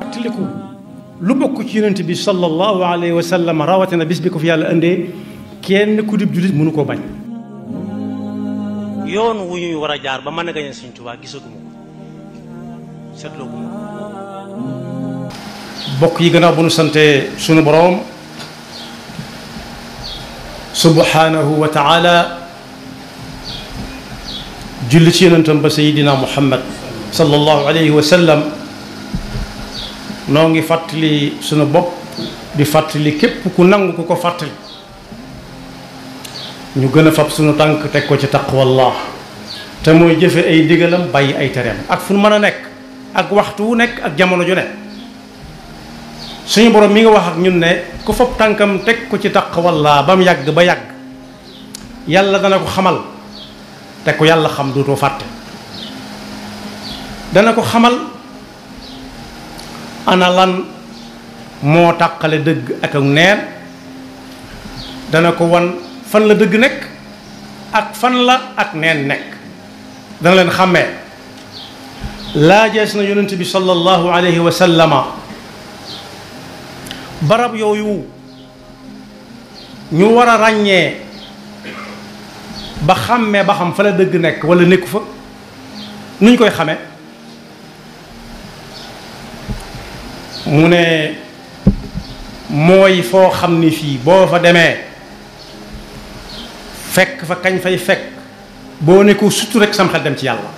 fàttaliku lu bokk ci yonent bi sallallahu alayhi wa sallam rawatina bis bi ko fi yàlla indee kenn ku dib jullit mënu koo bañ. yoon wu ñuy war a jaar ba mën a gañe Sëñ Tuubaa gisaguma ko seetlooguma ko. bokk yi gannaaw bu nu sante sunu boroom subhanahu wa taala julli ci yonentam ba sayidina muhammad sallallahu alayhi wa sallam. noo ngi fàttali sunu bopp di fàttali képp ku nangu ku ko fàttali ñu gën a fab sunu tànk teg ko ci taqwallah te mooy jëfe ay digalam ay tereem ak fu mën a nekk ak waxtu wu nekk ak jamono ju nekk suñu borom mi nga wax ñun ne ku fab tànkam teg ko ci taqwallah ba mu yàgg ba yàgg yàlla dana ko xamal te ku yàlla xam dootoo fàtte dana ko xamal ana lan moo tàqale dëgg ak ak neen dana ko wan fan la dëgg nekk ak fan la ak neen nekk dana leen xàmmee laajees na yonent bi sallallahu alayhi wa sallama barab yooyu ñu war a ràññee ba xàmmee ba xam fa la dëgg nekk wala nekku fa nuñ koy xamee mu ne mooy foo xam ni fii boo fa demee fekk fa kañ fay fekk boo ne ko sutu rek sam xel dem ci yàlla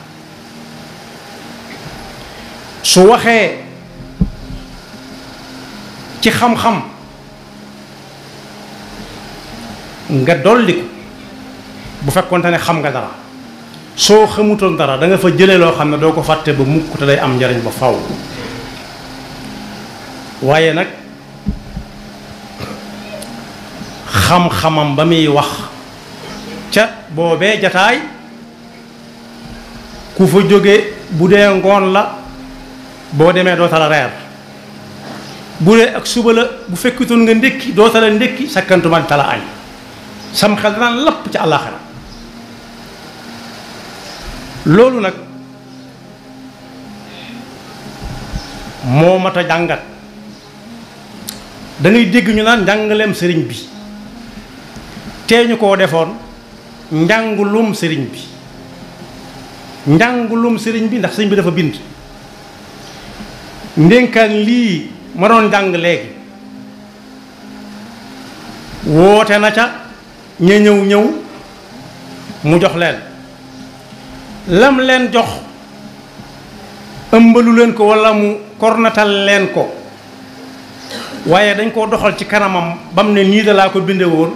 su waxee ci xam-xam nga dolli ko bu fekkoonte ne xam nga dara soo xamutoon dara da nga fa jëlee loo xam ne doo ko fàtte ba mukk te day am njariñ ba faw waaye nag xam-xamam ba muy wax ca boobee jataay ku fa jóge bu dee ngoon la boo demee doo tala reer bu dee ak suba la bu fekkutoon nga ndékki doo tala ndékki sakkantuma tala añ sam xel danaan lapp ca àllaaxira loolu nag moo mat a jàngat da dégg ñu naan njàngaleem sëriñ bi tee ñu koo defoon njàngulum sëriñ bi njàngulum sëriñ bi ndax sëriñ bi dafa bind ndénkaan lii ma doon jàng léegi woote na ca ña ñëw ñëw mu jox leen lam leen jox ëmbalu leen ko walla mu kornatal leen ko waaye dañ koo doxal ci kanamam ba mu ne nii da laa ko binde woon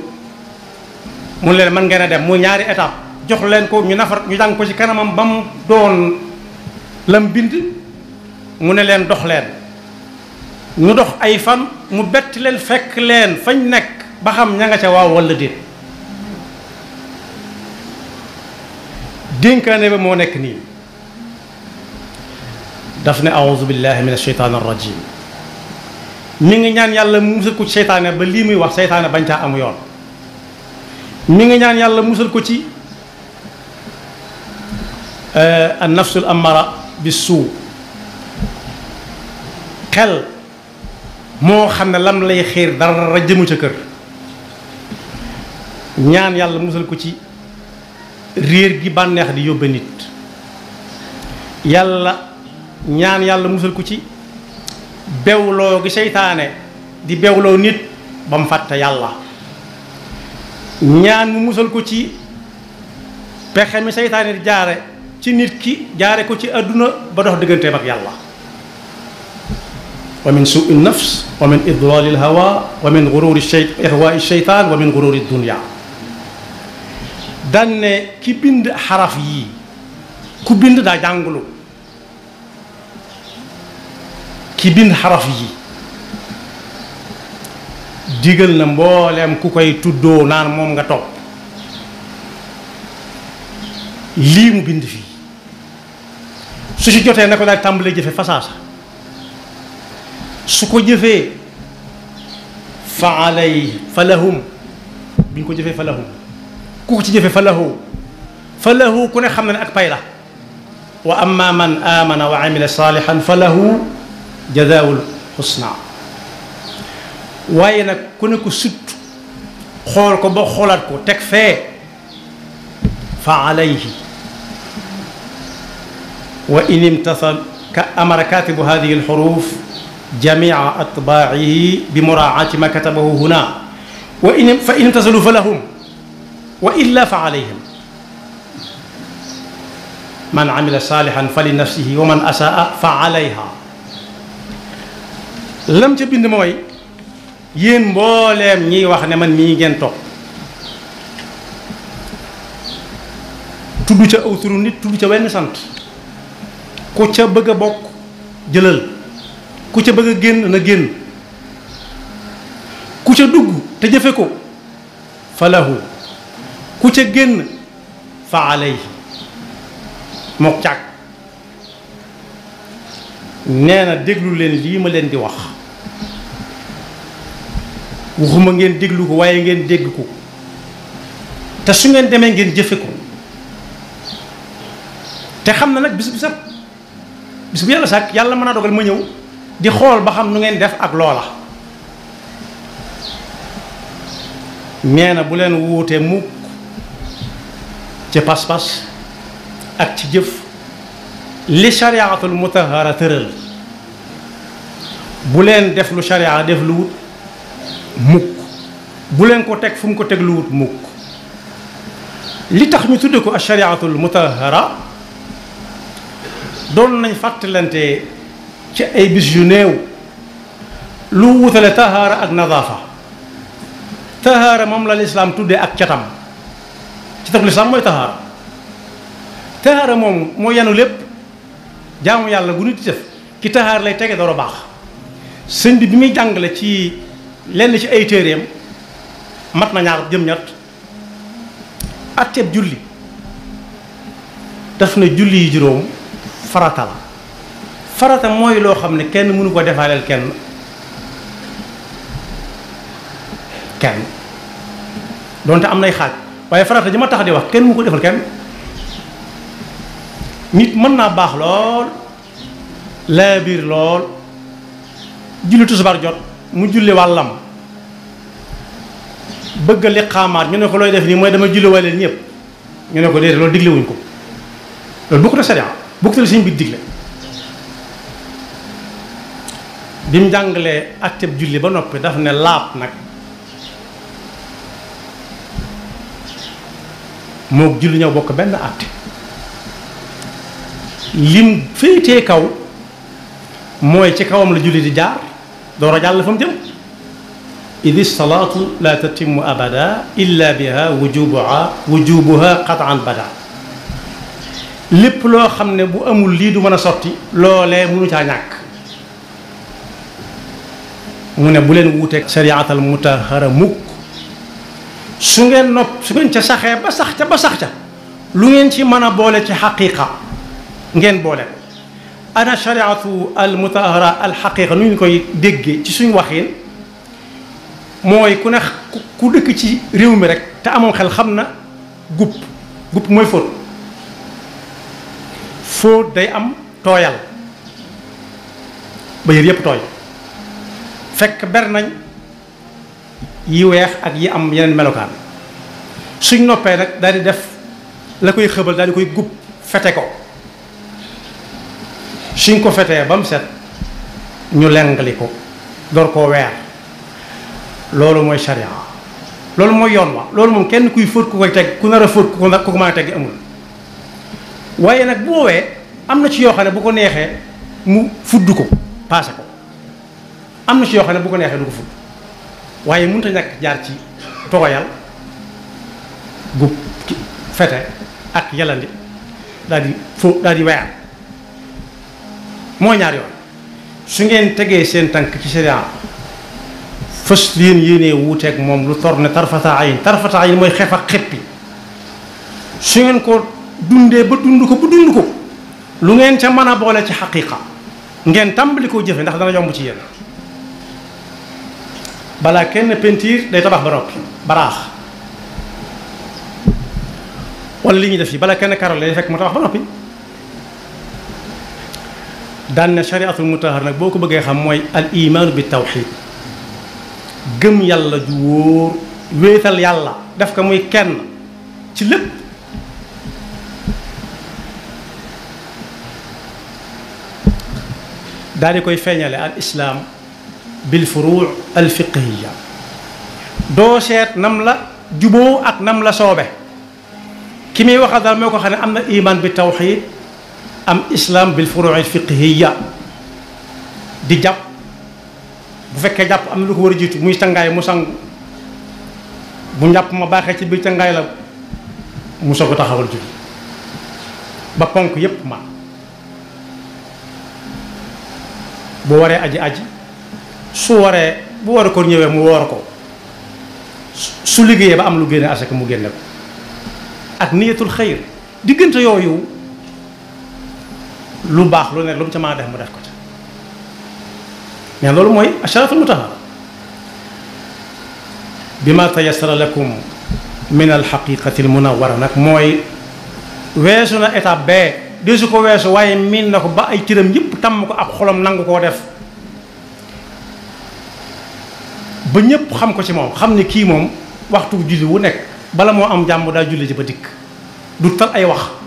mu leen man ngeen a dem mu ñaari étape jox leen ko ñu nafar ñu jàng ko ci kanamam ba mu doon lam bind mu ne leen dox leen ñu dox ay fan mu bett leen fekk leen fañ nekk ba xam ña nga ca waaw walla déet dénkaane ba moo nekk nii daf ne aouzu billahi min asheytaan arrajim mi ngi ñaan yàlla mu musal ko ci seytaane ba lii muy wax seytaane bañ caa amu yoon mu ngi ñaan yàlla musal ko ci eh, an am amara bi suu xel moo xam ne lam lay xiir dara jëmu ca kër ñaan yàlla musal ko ci réer gi bànneex di yóbbe nit yàlla ñaan yàlla musal ko ci bewloo gi seytaane di bewloo nit ba mu fàtte yàlla ñaan mu musal ko ci pexe mi seytaane di jaare ci nit ki jaare ko ci àdduna ba dox digganteem ak yàlla wa min suui nafs wa min idlali lhawa wa min gururi ihwai sheytan wa min gururi dunia danne ki bind xaraf yii ku bind daa jàngulu ki bind xaraf yi digal na mbooleem ku koy tuddoo naan moom nga topp lii mu bind fii su ci jotee na ko daal tàmbalee jëfe fasaasa su ko jëfee fa alay fa lahum bi ñu ko jëfee fa lahum ku ko ci jëfee fa lahu fa lahu ku ne xam na ne ak pay la wa amma man amana wa amila salihan fa lahu جزاء الحسنى وين كنك ست خولك بو خولك تكفى فعليه وإن امتثل كأمر كاتب هذه الحروف جميع أطباعه بمراعاة ما كتبه هنا وإن فإن امتثلوا فلهم وإلا فعليهم من عمل صالحا فلنفسه ومن أساء فعليها lam ca bind mooy yéen mbooleem ñiy wax ne man mii ngeen toog tudd ca aw turu nit tudd ca wenn sant ku ca bëgg a bokk jëlal ku ca bëgg a génn na génn ku ca dugg te jëfe ko falahu ku ca génn fa alay mook càkk nee na déglu leen lii ma leen di wax waxuma ngeen déglu ko waaye ngeen dégg ko te su ngeen demee ngeen jëfe ko te xam na nag bis bu set bis bu yàlla sàkk yàlla mën a dogal ma ñëw di xool ba xam nu ngeen def ak loola nee na bu leen wuutee mukk ci pas-pas ak ci jëf li chariatul mutahara tëral bu leen def lu charia def lu wut mukk bu leen ko teg fu mu ko teg lu wut mukk li tax ñu tudde ko ashariatul mutahara doon nañ fàttalante ci ay bis yu néew lu wutale tahaara ak nadaafa tahaara moom la lislaam tuddee ak catam ci tax lislaam mooy tahaara tahaara moom moo yanu lépp jaamu yàlla gu di def ki tahaar lay tege dara baax sëñ bi bi muy jàngale ci lenn ci ay téeréem mat na ñaar jëm ñett atteeb julli daf na julli yi juróom farata la farata mooy loo xam ne kenn mënu ko defaaleel kenn kenn donte am nay xaaj waaye farata ji ma tax di wax kenn mu ko defal kenn nit mën naa baax lool laa biir lool julli tusubaar jot mu julli wàllam bëgg a liqaamaat ñu ne ko looy def nii mooy dama julli waay leen ñëpp ñu ne ko déedéet loolu digle wuñ ko loolu bokkut a sariya bokkut a sëñ bi mu jàngalee atteb julli ba noppi dafa ne laab nag moog julli ñoo bokk benn atte lim féetee kaw mooy ci kawam la julli di jaar دورة جعل لفهم تيم إذ الصلاة لا تتم أبدا إلا بها وجوبها وجوبها قطعا بدا لب لو خمنا بو أمو اللي دو منا صرتي لو لي منو تانيك من بولين ووتك سريعة المتاخرة مك سنجن نوب سنجن تساخي بسخ تبسخ تبسخ لو ينتي منا بولة حقيقة نجن بولة أنا شريعة المطهرة الحقيقة نين كوي دقي تشين وخين موي كنا كود كتشي ريو مرك تأمل خل خمنا غوب غوب موي فور فور داي أم تويل بيريا بتوي فك برنان يويخ أجي أم ينن ملوكان شين نو بيرك داري دف لكوي خبر داري كوي غوب فتكو suñ ko fetee ba mu set ñu lengali ko door koo weer loolu mooy sharia loolu mooy yoon wa loolu moom kenn kuy fóot ku koy teg ku nar a fóot ku ko ku ko mën a teg amul waaye nag boowee am na ci yoo xam ne bu ko neexee mu fudd ko paase ko am na ci yoo xam ne bu ko neexee du ko fudd waaye mënut a ñàkk jaar ci tooyal gu fete ak yalandi daal di fo daal di weer mooy ñaar yoon su ngeen tegee seen tànk ci sharia fës yéen yéenee wuuteeg moom lu tor ne tarfata ayin tarfata ayin mooy xef ak xeppi su ngeen ko dundee ba dund ko ba dund ko lu ngeen ca mën a boole ci xaqiqa ngeen tàmbali koo jëfe ndax dana yomb ci yéen balaa kenn pentiir day tabax ba noppi baraax wala li ñuy def yi balaa kenn karole day fekk mu tabax ba noppi dan shari'atu mutahhar nak boko beugé xam moy al iman bi tawhid gëm yàlla ju wor wétal yàlla daf ka moy kenn ci lépp dal dikoy feñalé al islam bil furu' al fiqhiyya do set nam la jubo ak nam la sobé kimi muy waxal daal moo ko xam ne bi tawhid am islaam bil furuu'il fiqhiyya di jàpp bu fekkee jàpp am lu ko war a jiitu muy sangaay mu sangu bu njàpp ma baaxee ci biir sangaay la mu soog a taxawal julli ba ponk yépp man bu waree aji aji su waree bu war a ko ñëwee mu woor ko su liggéeyee ba am lu génne asaka mu génne ko ak niyatul xayr diggante yooyu lu baax lu ne lu mu ca def mu def ko ca mais loolu mooy asharatul mutahara bi ma tayassara lakum min alxaqiqati almunawara nag mooy weesu na étape bee di su ko weesu waaye miin na ko ba ay cëram yëpp tàmm ko ab xolam nangu koo def ba ñëpp xam ko ci moom xam ne kii moom waxtu julli wu nekk bala moo am jàmm daa julli ji ba dikk du tal ay wax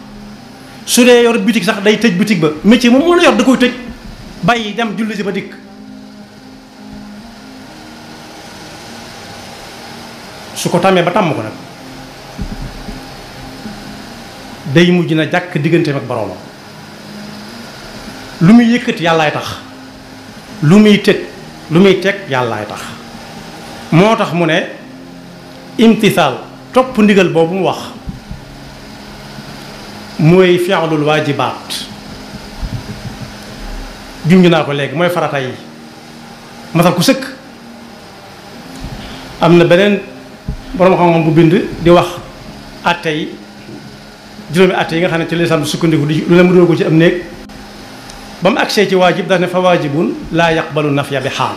su dee yor bitig sax day tëj bitig ba métier moom moo la yor da koy tëj bàyyi dem julli si ba dikk su ko tàmmee ba tàmm ko nag day mujj na jàkk diggante ak boroomam lu muy yëkkati yàllaay tax lu muy tëj lu muy teg yàllaay tax moo tax mu ne imtisaal topp ndigal boobu mu wax mooy fi'lul waajibaat junj naa ko léegi mooy farata yi matal ku sëkk am na beneen borom xam-xam bu bind di wax atte yi juróomi atte yi nga xam ne ci lislaam sukkandiku di lu ne mu dugal ko ci am néeg ba mu agsee ci waajib daf ne fa waajibun laa yaqbalu nafya bi xaal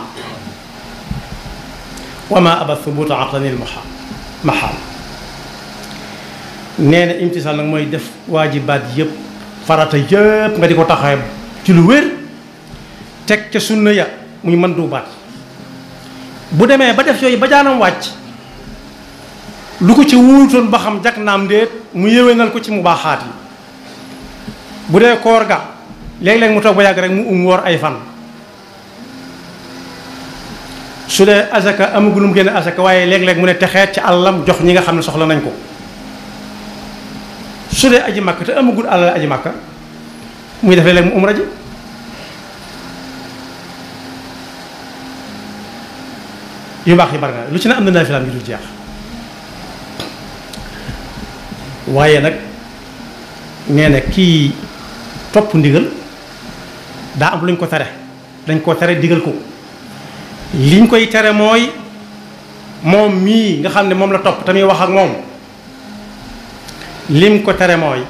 wa ma aba thubuta aqlanil maxaal nee imtisal nak moy mooy def waajibaat yëpp farata yep nga diko taxay ci lu wer tek ci sunna ya muy mën bat bu deme ba def yoy ba janam wacc lu ko ci wuutoon ba xam jak nam mu yewenal ko ci mu yi bu de koor ga leg leg mu tok ba yag rek mu um wor ay fan sule azaka amugulum gene azaka waye leg leg mu ne texeet ci allam jox ñi nga xam ne soxla nañ ko su dee aji makka te amagul alal aji makka muy defee léegi mu umra ji yu baax yi bari lu ci ne am na naafilaam yu dul jeex waaye nag nee na kii topp ndigal daa am luñ ko tere dañ koo tere digal ko liñ koy tere mooy moom mii nga xam ne moom la topp tamit wax ak moom lim ko tere mooy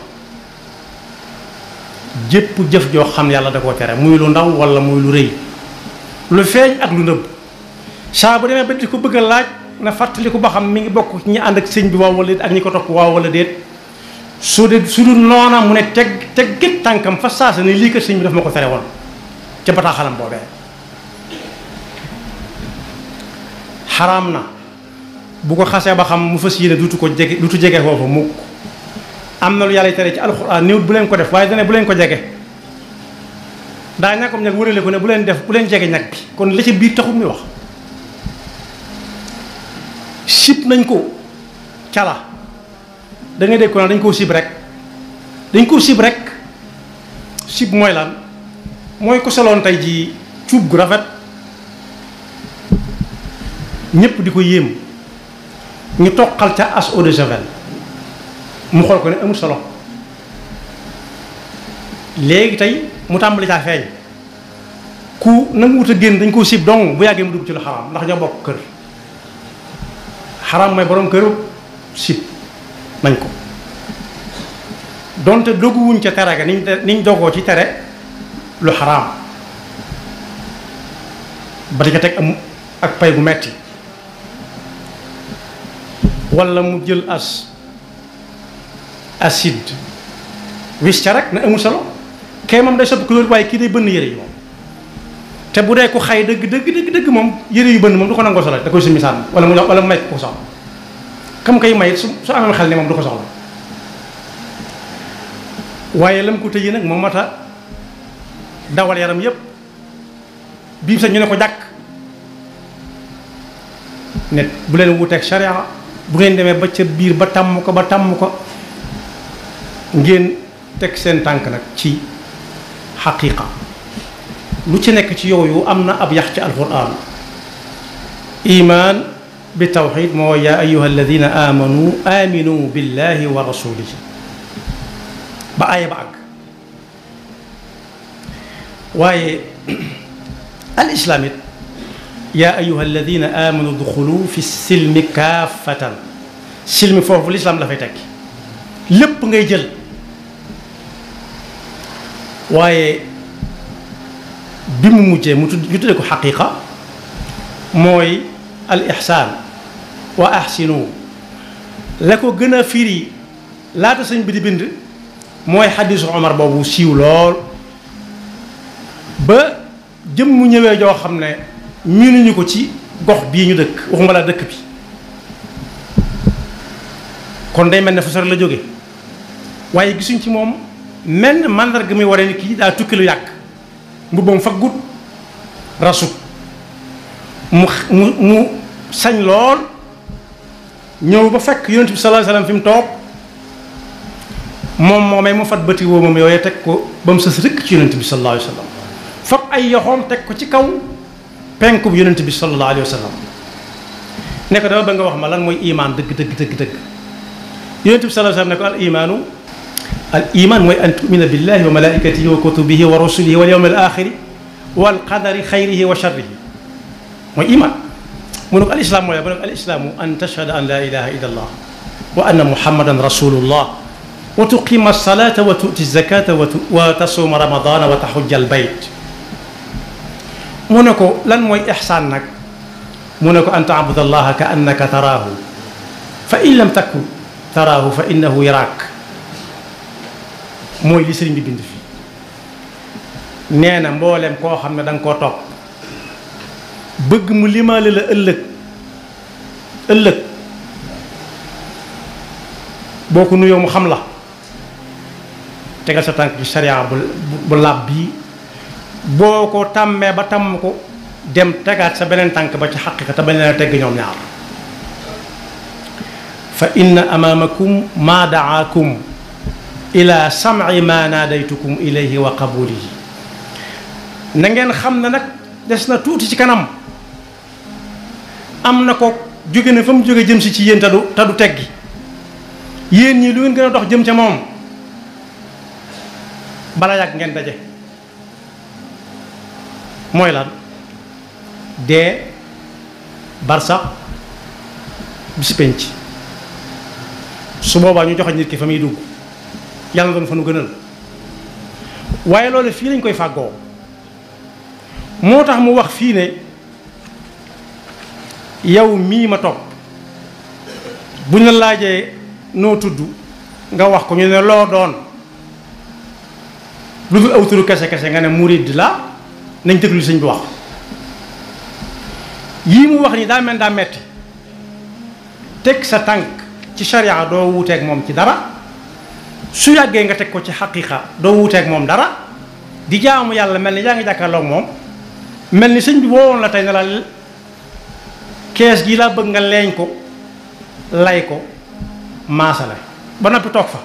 jëpp jëf joo xam yàlla da koo tere muy lu ndaw wala muy lu rëy lu feeñ ak lu nëbb saa bu demee ba di ko bëgg a laaj na fàttali ko ba xam mu ngi bokk ci ñi ànd ak sëñ bi waaw wala déet ak ko topp waaw wala déet su dee su dul noona mu ne teg teggit tànkam fa saasa ne lii kat sëñ bi daf ma ko tere woon ca bataaxalam boobee xaraam na bu ko xasee ba xam mu fas yéene duutu ko jege duutu jege foofu mukk amna lu yalla téré ci alxuraan néewut bu len ko def way dañé bu len ko jege daa ñak wuré wërale ko né bu len def bu len djégé ñak bi kon la ci biir taxum ni wax sib nañ ko ciala da ngay dékk ko dañ ko sib rek dañ ko sib rek sib moy lan moy ko salon tay ji ciub gu rafet ñepp di yem ñu toqal ca as eau de javel mu xool ko ne amul solo léegi tey mu tàmbali caa feeñ ku nangu wut a génn dañ koo siib dong bu yàggee mu dugg ci lu xaraam ndax ñoo bokk kër xaraam mooy borom këru siib nañ ko donte doguwuñ ca tere ga niñ niñ dogoo ci tere lu xaraam ba di ko teg am ak pay bu metti walla mu jël as acide wis ca rek ne amul solo kee moom day soppi couleur waaye kii day bënn yére yi moom te bu dee ko xay dëgg dëgg dëgg dëgg moom yére yu bënn moom du ko nangoo solo da koy summi sànn wala mu wala mu may ko soxla kam koy may su su amee xel ne moom du ko soxla waaye lam ko tëjee nag moom mat a dawal yaram yépp bii sax ñu ne ko jàkk net bu leen wuteeg charia bu ngeen demee ba ca biir ba tàmm ko ba tàmm ko ngeen teg seen tànk nag ci xaqiqa lu ci nekk ci yooyu am na ab yax ci alquran iman bi tawxid moo ya ayuha alladina amanu aminu billahi wa rasulihi ba aaya ba àgg waaye al islam it yaa ayuha alladina amanu duxulu fi silmi kaafatan silmi foofu lislaam la fay tekki lépp ngay ويعني ويعني حقيقة موي الإحسان وأحسنوا لكو جنا فيري لا تسين بدي بند موي حديث عمر بابو سيو لول با جيم مو نيوي جو خامني مينو نيوكو تي غوخ بي دك بي كون داي ملني فسر واي غيسون تي mel mandarga mi waree ni kii daa tukki lu yàgg mbubbam faggut rasut mu mu mu sañ lool ñëw ba fekk yonent bi sallallahu alayhi wasallam fi mu toog moom moomee mu fat bëti woomam yooyu teg ko ba mu ci yonent bi sallallahu alayhi ay yoxoom teg ko ci kaw penku bi bi sallallahu alayhi wasallam ne ko dama ba nga wax ma lan mooy imaan dëgg dëgg dëgg dëgg bi sallallahu alayhi ne ko al imaanu الايمان هو ان تؤمن بالله وملائكته وكتبه ورسله واليوم الاخر والقدر خيره وشره وإيمان بنوك الاسلام يا بنوك الاسلام ان تشهد ان لا اله الا الله وان محمدا رسول الله وتقيم الصلاه وتؤتي الزكاه وتصوم رمضان وتحج البيت منكو لن موي احسانك منكو ان تعبد الله كانك تراه فان لم تكن تراه فانه يراك moy li serigne bi bind fi neena mbollem ko xamne dang ko top beug mu limale la euleuk euleuk boku nuyo mu xam la tegal sa tànk ci sharia bu làb bi boko ko ba tam ko dem tegat sa benen tànk ba ci haqiqa ta benen tegg ñom ñaar fa inna amamakum ma daakum ila sam'i ma naadaytukum ilayhi wa qabulihi na ngeen xam na nag des na tuuti ci kanam am na ko jóge na fa mu jóge jëm si ci yéen te du te du teggi yéen ñi lu ngeen gën a dox jëm ca moom bala yàgg ngeen daje mooy lan dee barsax bis penc su boobaa ñu joxe nit ki fa muy dugg yàlla doon fa nu gënal waaye loolu fii lañ koy fàggoo moo tax mu wax fii ne yow mii ma topp buñ la laajee noo tudd nga wax ko ñu ne loo doon lu dul awturu kese kese nga ne murid la nañ déglu sëñ bi wax yii mu wax ni daa mel daa metti teg sa tànk ci sharia doo wuuteeg moom ci dara su yàggee nga teg ko ci xaqiqa doo wuuteeg moom dara di jaamu yàlla mel ni yaa ngi jàkkaarloog moom mel ni sëñ bi woowoon la tey ne la kees gi laa bëgg nga leeñ ko lay ko maasale ba noppi toog fa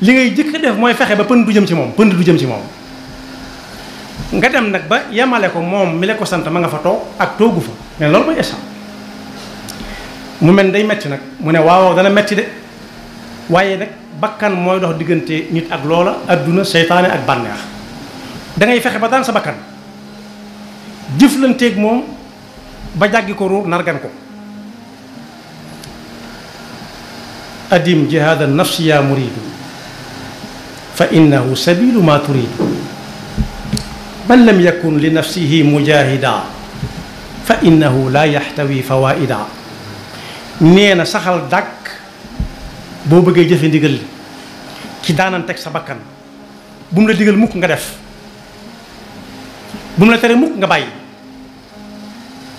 li ngay jëkk def mooy fexe ba pënd du jëm ci moom pënd du jëm ci moom nga dem nag ba yemale ko moom mi la ko sant ma nga fa toog ak toogu fa mais loolu mooy échant mu mel ni day metti nag mu ne waaw dana metti de waaye nag bakkan moy dox diggante nit ak loola aduna seytaane ak banéx da ngay fexe ba daan sa bakkan ak mom ba jàggi ko ruur nargan ko adim jihadan nafsi ya muridu fa innahu sabilu ma turid man lam yakun li nafsihi mujahida fa innahu la yahtawi fawaida neena saxal dàkk boo bëggee jëfe ndigal li ci daanan teg sa bakkan bu mu la digal mukk nga def bu mu la tere mukk nga bàyyi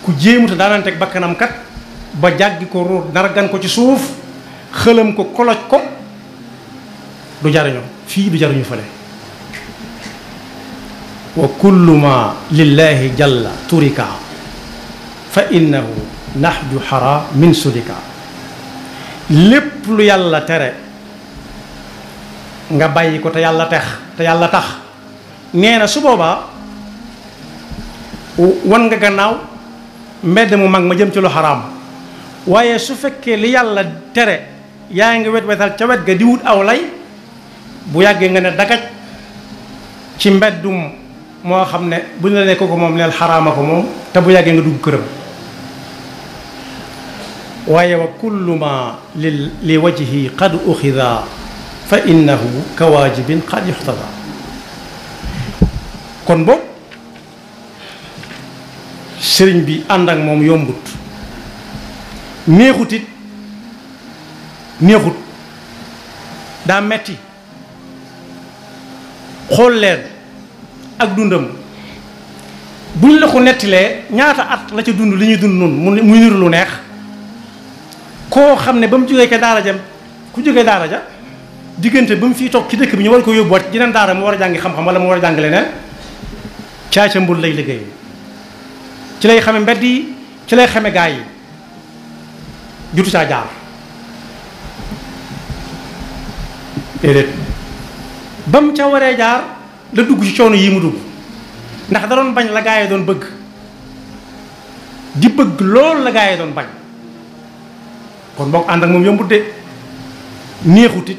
ku jéemuta daanan teg bakkanam kat ba jàggi ko ruur nargan ko ci suuf xëlam ko koloj ko du jariñoo fii du jariñu fële wa kullu ma lillahi jalla turika fa innahu naxju xara min sudika lépp lépp lu yàlla tere nga bàyyi ko te yàlla tex te yàlla tax nee na su boobaa wan nga gannaaw mbedd mu mag ma jëm ci lu xaraam waaye su fekkee li yàlla tere yaa ngi wet wetal ca wet ga di wut aw lay bu yàggee nga ne dakaj ci mbeddum moo xam ne bu ñu la nekk ko moom neel xaraama ko moom te bu yàggee nga dugg këram وهي وكل ما لوجهه قد أخذ فإنه كواجب قد يحتضى كون بو سيرن بي اندك موم يومبوت نيخوتيت نيخوت دا متي خول لين اك دوندم بول لاكو نياتا ات لا تي دوند لي ني دوند koo xam ne ba mu jógee ca daara jam ku jógee daara ja diggante ba mu fi toog ci dëkk bi ñu war ko yóbbuwaat jeneen daara mu war a jàngi xam-xam wala mu war a jàng leneen caaca mbul lay liggéey ci lay xame mbedd yi ci lay xame gaa yi jutu saa jaar déedéet ba mu ca waree jaar la dugg ci coono yi mu dugg ndax da doon bañ la gaa yi doon bëgg di bëgg loolu la gaa doon bañ kon boog ànd ak moom yombut de neexut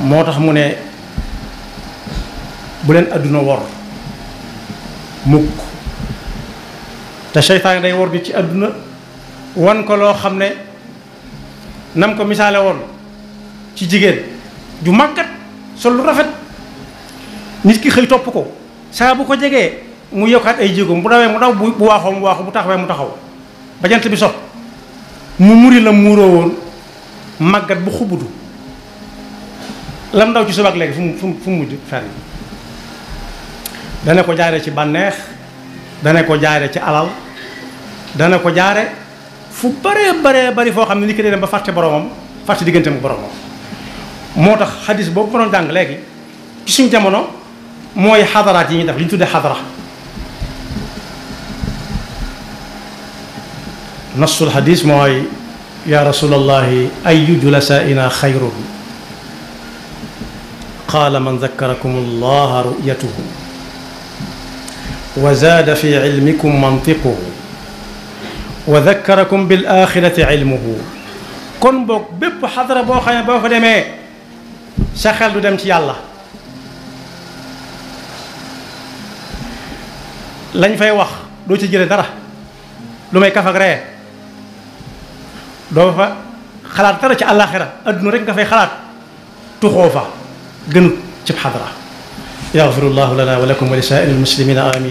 moo tax mu ne bu leen àdduna wor mukk te seytaane day wor nit ci àdduna wan ko loo xam ne nam ko misaale woon ci jigéen ju màggat sol lu rafet nit ki xëy topp ko saa bu ko jegee mu yokkaat ay jéegoom bu dawee mu daw bu bu waaxoo mu waaxu bu taxawee mu taxaw bajant bi so mu muri la muuroo woon màggat bu xubudu lam ndaw ci subaak léegi fu mu fu mu fu mu mujj fer yi dana ko jaare ci bànneex dana ko jaare ci alal dana ko jaare fu baree baree bari foo xam ne nit ki day dem ba fàtte boromam fàtte digganteem ak boromam moo tax xadis boobu ma doon jàng léegi ci suñ jamono mooy xadaraat yi ñu def li ñu tuddee xadara نص الحديث معي يا رسول الله أي جلسائنا خير قال من ذكركم الله رؤيته وزاد في علمكم منطقه وذكركم بالآخرة علمه كن بوك بيب حضر بوخا يا بوخا دمي سخل دم تي الله لن فاي واخ دو تي جيري دارا لومي كافاك ري دوفا الله لنا ولكم ولسائر المسلمين آمين